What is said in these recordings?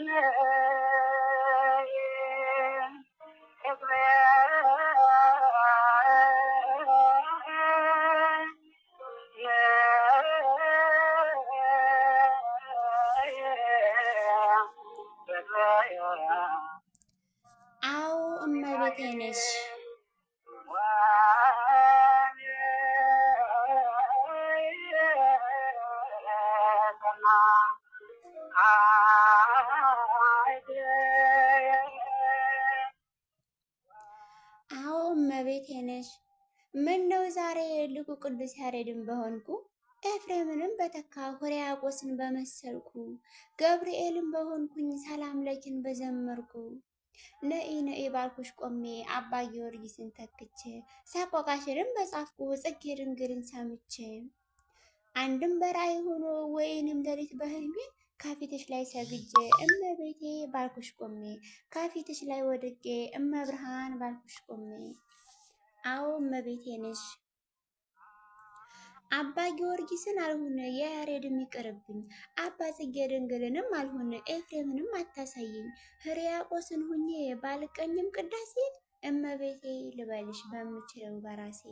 Yeah. እመቤቴ ነች። አዎ እመቤቴ ነች። ምን ነው ዛሬ ሊቁ ቅዱስ ያሬድን በሆንኩ ኤፍሬምንም በተካ ሕርያቆስን በመሰልኩ ገብርኤልን በሆንኩኝ ሰላም ለኪን በዘመርኩ ነኢ ነኢ ባልኩሽ ቆሜ አባ ጊዮርጊስን ተክቼ ሳቆቃሽንም በጻፍኩ ጽጌ ድንግልን ሰምቼ አንድም በራእይ ሆኖ ወይንም ሌሊት በህልሜ ከፊትሽ ላይ ሰግጄ እመቤቴ ባልኩሽ ቆሜ ከፊትሽ ላይ ወድቄ እመብርሃን ባልኩሽ ቆሜ አዎ እመቤቴ ነሽ አባ ጊዮርጊስን አልሆነ የያሬድም ይቅርብኝ፣ አባ ጽጌ ድንግልንም አልሆነ ኤፍሬምንም አታሳየኝ። ሕርያቆስን ሁኜ ባልቀኝም ቅዳሴ እመቤቴ ልበልሽ በምችለው በራሴ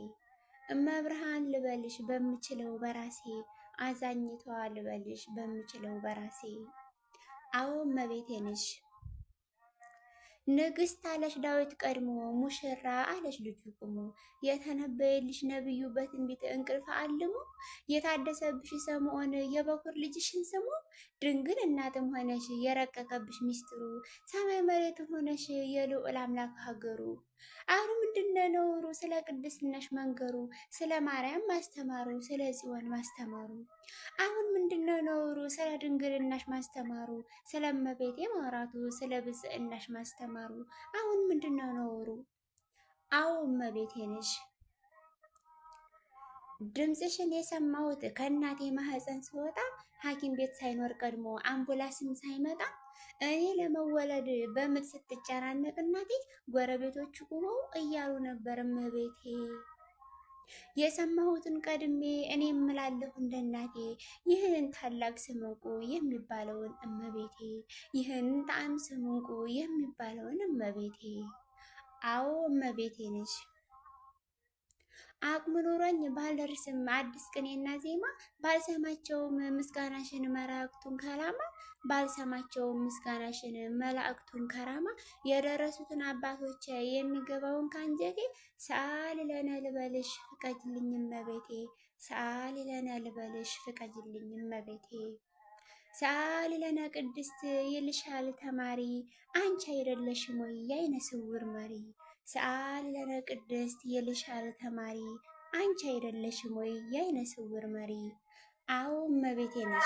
እመብርሃን ልበልሽ በምችለው በራሴ አዛኝቷ ልበልሽ በምችለው በራሴ አዎ እመቤቴ ነሽ። ንግስት አለች ዳዊት ቀድሞ ሙሽራ አለች ልጁ ቁሞ የተነበየልሽ ነብዩ በትንቢት እንቅልፍ አልሞ የታደሰብሽ ሰምዖን የበኩር ልጅሽን ስሙ ድንግል እናትም ሆነሽ የረቀቀብሽ ሚስጥሩ ሰማይ መሬት ሆነሽ የልዑል አምላክ ሀገሩ አሁን ምንድነው ምክሩ፣ ስለ ቅድስናሽ መንገሩ፣ ስለ ማርያም ማስተማሩ፣ ስለ ጽዮን ማስተማሩ። አሁን ምንድነው ነውሩ? ስለ ድንግልናሽ ማስተማሩ፣ ስለ እመቤቴ ማውራቱ፣ ስለ ብጽዕናሽ ማስተማሩ። አሁን ምንድነው ነውሩ? አዎ እመቤቴ ነሽ። ድምፅሽን የሰማሁት ከእናቴ ማህፀን ስወጣ ሐኪም ቤት ሳይኖር ቀድሞ አምቡላንስም ሳይመጣ እኔ ለመወለድ በምጥ ስትጨናነቅ እናቴ ጎረቤቶች ቁመው እያሉ ነበር እመቤቴ። የሰማሁትን ቀድሜ እኔ የምላለሁ እንደ እናቴ ይህን ታላቅ ስምንቁ የሚባለውን እመቤቴ፣ ይህን ጣዕም ስምንቁ የሚባለውን እመቤቴ። አዎ እመቤቴ ነሽ። አቅሙ ኖሮኝ ባልደርስም አዲስ ቅኔና ዜማ ባልሰማቸውም ምስጋናሽን መላእክቱን ከራማ ባልሰማቸውም ምስጋናሽን መላእክቱን ከራማ የደረሱትን አባቶች የሚገባውን ካንጀቴ ሰአሊ ለነ ልበልሽ ፍቀጅልኝ መቤቴ ሰአሊ ለነ ልበልሽ ፍቀጅልኝ መቤቴ ሰአሊ ለነ ቅድስት ይልሻል ተማሪ አንቺ አይደለሽም ወይ ስውር መሪ ሰአለነ ቅድስት የልሻል ተማሪ አንቺ አይደለሽም ወይ የአይነ ስውር መሪ? አዎ እመቤቴ ነሽ።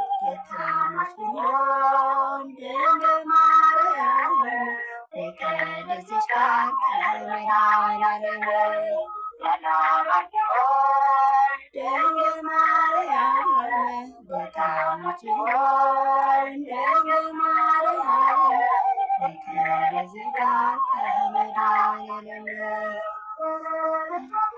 ከተማች ቢሆን ድንግል ማርያም የቀደሰች ቃል ከመድኃኔዓለም ድንግል ማርያም ከተማች ቢሆን ድንግል ማርያም የቀደሰች ቃል ከመድኃኔዓለም